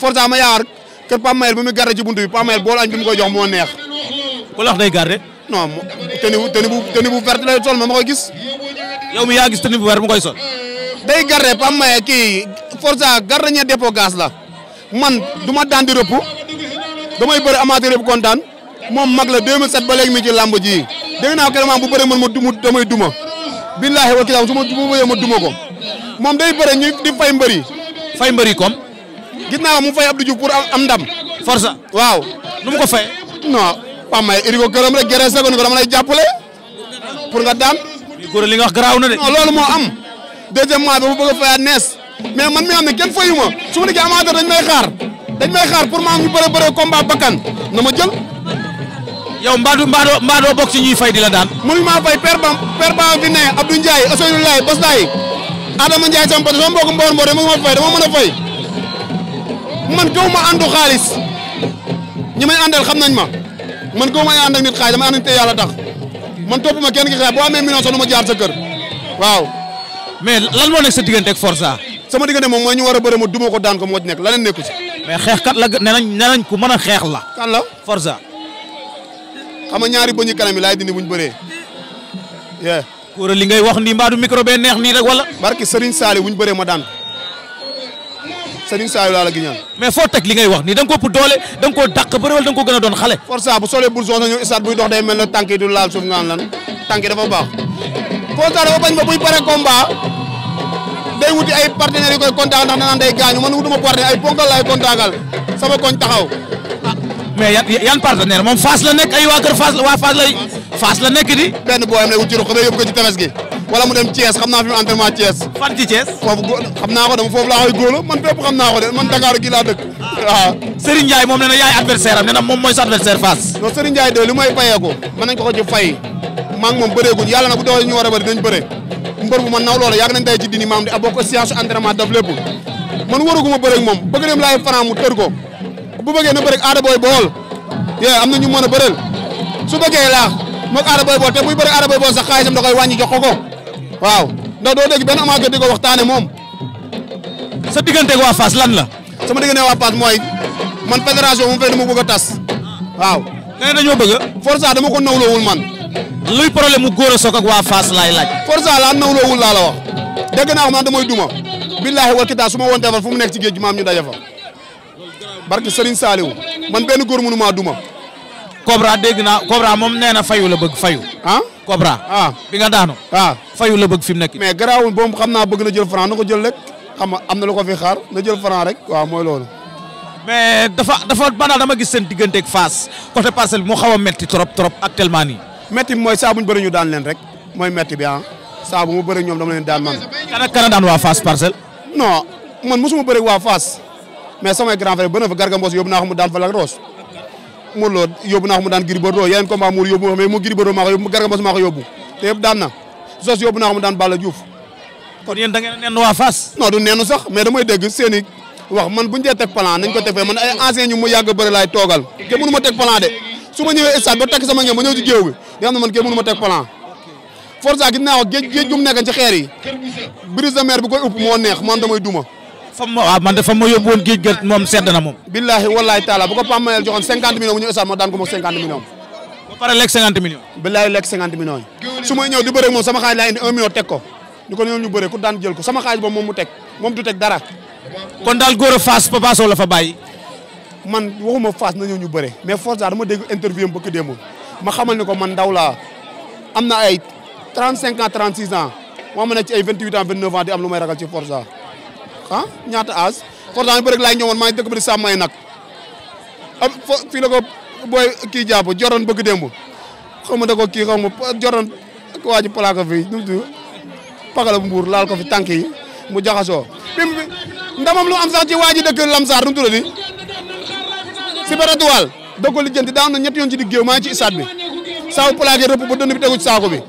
Forza ma yaakaar kër Pape Mayel bu muy garde ci buntu bi Pape Mayel bool añ bi mu koy jox moo neex. ku la wax day garde. non moom tenue bu tenue bu tenue bu verte lay sol ma ma koy gis. yow yaa gis tenue bu verte day garde Pape Mayel kii Forza garde ñee dépôt gaz la man du ma daan di rëpp damay bëri amateur yëpp kontaan moom mag la 2007 ba léegi mi ci làmb ji dégg naa ko man bu bëree man damay duma. billaahi wa kitaab su ma bu ma duma ko moom day bëre ginnaaw mu fay Abdou Diouf pour am ndam. forsa waaw. nu mu ko fay. non waaw may irigo gërëm rek gërëm seconde ko dama lay jàppale pour nga daan. góor li na de. non loolu moo am deuxième mois bi mu bëgg a fayaat nees. man mi xam ne kenn fayu ma su ma liggéey amateur dañ may xaar dañ may xaar pour ma am ñu bëre bëre combat bakkan ma jël. yow Mbadou Mbadou bokk ci ñuy fay di la daan. mënuñ maa fay père Bam père Bam fi ne Abdou Ndiaye Ousseynou Laye Bos Adama Ndiaye sama pote sama mboor mboor a fay man gaw ma àndu xaalis ñi may àndal xam nañ ma man gaw ma ànd ak nit xaalis dama ànd te yàlla tax man topp ma kenn ki xaalis boo amee million sax nu ma jaar sa kër waaw. mais lan moo nekk sa diggante ak Forza. sama diggante moom mooy ñu war a bëre ma duma ko daan ko moo ci nekk leneen nekku si. xeex xeexkat la nee nañ nee nañ ku mën a xeex la. kan la Forza. ñaari bëñ kanam yi laay dindi buñ bëree. yee. kuréel li ngay wax nii mbaadu micro bee neex nii rek wala. barki sëriñ Saliou buñ bëree ma daan Serigne Saliou laa la gi ñaan mais foo teg li ngay wax nii da nga ko ëpp doole da nga koo dàq gën a doon xale força bu solee bul sox na ñëw isaat buy dox day du laal suuf ngaan lan tànk dafa baax força dafa bañ ba buy pare combat day wuti ay partenaires yu koy contact ndax danaan day gaañu man wutuma partenaire ay ponkal laay contactal sama koñ taxaw mais yan partenaire moom Fass la nekk ay waa kër Fass waa Fass lay Fass la nekk di benn booyam lay wala mu dem Thiès xam naa fi mu entraînement Thiès. fan ci Thiès. foofu góor xam naa ko dama foofu laa koy góolo man fépp xam naa ko de man Dakar gi laa dëkk. Ah. waaw moom nee na yaay adversaire am na moom mooy sa adversaire face. non Serigne Ndiaye de li may fayee nañ ko ko ci fay maa ngi na bu doxee ñu war a bëri dinañ bëre mbër bu man naw loolu yàgg nañ tey maam di a bokk science entraînement daf lépp man waruguma bëreeg moom bëgg dem laay faram bool yee am a bëreel su bëggee laax waaw ndax doo dégg benn amaat di ko waxtaane moom. sa digganteeg waa Fass lan la. sama diggante waa Fass mooy man fédération moom fay dama bëgg a tas waaw. nee dañoo bëgg a. Forza dama ko nawloowul man. luy problème mu góor a soog ak waa Fass laay laaj. Forza na nawloowul laa la wax dégg naa ko man damay duma. billaahi wal kitaab su ma woon defal fu mu nekk ci géej gi maam ñu daje fa. barke Serigne Saliou man benn góor mënu maa duma. Cobra dégg naa Cobra moom nee na fayu la bëgg fayu. Ah? Cobra. ah bi nga daanu. ah fayu la bëgg fi mu nekk. mais garaawul boobu xam naa bëgg na jël franc na ko jël xam nga am na lu ko fi xaar na jël franc rek waaw mooy loolu. mais dafa dafa maanaam dama gis seen diggante ak Fass côté parcelle mu xaw a metti trop trop actuellement nii. metti bi mooy saa bu ñu bëri ñu daan leen rek mooy metti bi ah saa bu mu bëri ñoom dama leen daan man. kan ak kan daan waa Fass parcelle. non man mosuma bëri waa Fass mais samay grand frère bëri na fa Garga Mbossé yóbbu naa ko Modou Lo yóbbu naa ko mu daan Gris Bordeaux yeneen combat mu yóbbu mais mu Gris Bordeaux maa ko yóbbu Garga Mbossé maa ko yóbbu daan na sos yóbbu naa mu daan Balla Diouf kon du nenn sax mais damay dégg seen wax man buñu dee teg plan nañ ko teg fee man ay ñu mu yàgg bëri laay toogal kenn mënu ma teg plan de su ma ñëwee stade ba takk sama ngeen ma ñëw ci géew bi di xam ne man kenn ma teg plan força gi dinaa wax gum nekk ci xeer brise de mer bi moo neex fam ma waaw man de fam ma yóbbu woon géej ga moom sedd moom billaahi wallaahi taala bu ko joxoon cinquante millions bu ñu ësaan ma daan ko moom cinquante millions ba pare lekk cinquante millions billaahi lekk cinquante millions su may ñëw di bëre moom sama xaalis laa indi un million teg ko ñu ko ñëw ñu bëre ku daan jël ko sama xaalis boobu moom mu teg moom du teg dara kon daal góor a Fass Papa la fa bàyyi man waxuma Fass na ñëw ñu bëre mais force dama dégg interview am bëkk démb ma xamal ni ko man ndaw na ay 35 ans 36 ma nekk ah ñaata as pourtant bëri laay ñëwoon maa ngi dëkk bi di sàmm fo fii la booy kii jàpp joroon bëgg démb xaw ma da ko kii xaw ma joroon waa ji plaque fii nu mu mbuur laal ko fi tànk yi mu jaxasoo bim ndamam lu am ci waa ji dëkk Lamsaar nu mu tuddati si beratuwaal da ko lijjanti daan na ñetti yoon ci diggéew maa ci isaat bi saabu plaqué rëpp ba dënn bi tegu ci saako bi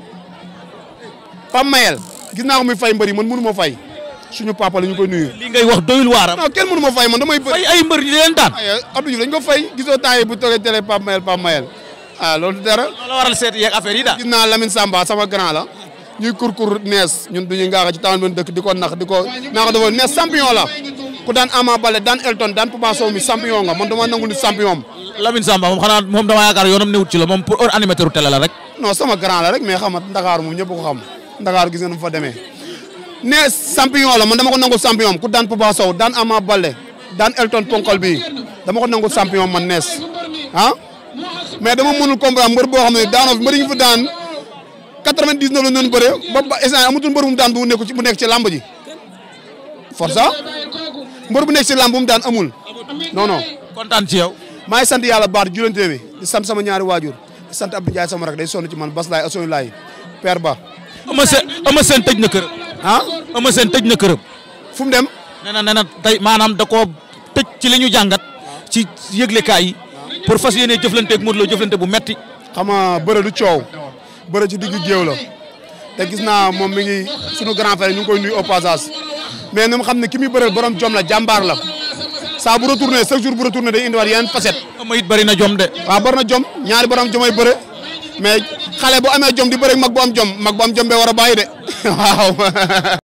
Pam Mayel gis naa ko muy fay mbëri man mënu ma fay suñu papa la ñu koy nuyu. li ngay wax doyul waaram. non kenn mënu ma fay man damay. ay mbër di leen daan. Abdou Diouf dañ ko fay gisoo temps yi bu toogee télé Mayel Pape Mayel ah loolu dara. seet yeeg affaire naa Lamine Samba sama grand la. ñuy kurkur la ku daan Ama Baldé daan Elton daan Papa Sow mi champion nga man dama nangul ni champion am Lamine Samba moom xanaa moom dama yaakaar yoonam newut ci la moom pour animateur télé la rek non sama grand la rek mais xam nga Ndakaaru moom ñëpp ko xam Ndakaaru gis nga ne champion la man dama ko nangul champion am ku daan Papa Sow daan Ama Baldé daan Elton Ponkol bi dama ko nangul champion man nees ah mais dama mënul comprendre mbër boo xam ne daanoo fi mbër yi ñu fa daan 99 la noonu bëre ba ba instant amatul mbër bu mu daan bu nekk ci bu nekk ci làmb ji força mbër bu nekk ci làmb bu mu daan amul non non. ci yow. maa ngi sant yàlla baax julante bi di sant sama ñaari waajur di sant Abdou Ndiaye sama rek day sonn ci man Bas laay Asoy laay Père Ba. ama ah Eumeu Sène tëj na këram. fu mu dem. nee na nee na tey maanaam da koo tëj ci li ñu jàngat. ci yëglekaay yi. pour fas yéene jëflanteeg Modou Lo jëflante bu metti xama bëre du coow. bëre ci digg géew la. te gis naa moom mi ngi sunu grand frère ñu ngi koy nuyu au passage. mais na xam ne ki muy bëreel borom jom la jàmbaar la. saa bu retourné chaque jour bu retourné day indiwaat yeneen facette. Eumeu it bëri na jom de. waaw bëri na jom ñaari borom jomay bëre. mais xale bu amee jom di bëre mag bu am jom mag bu am jom bee war a bàyyi de waaw.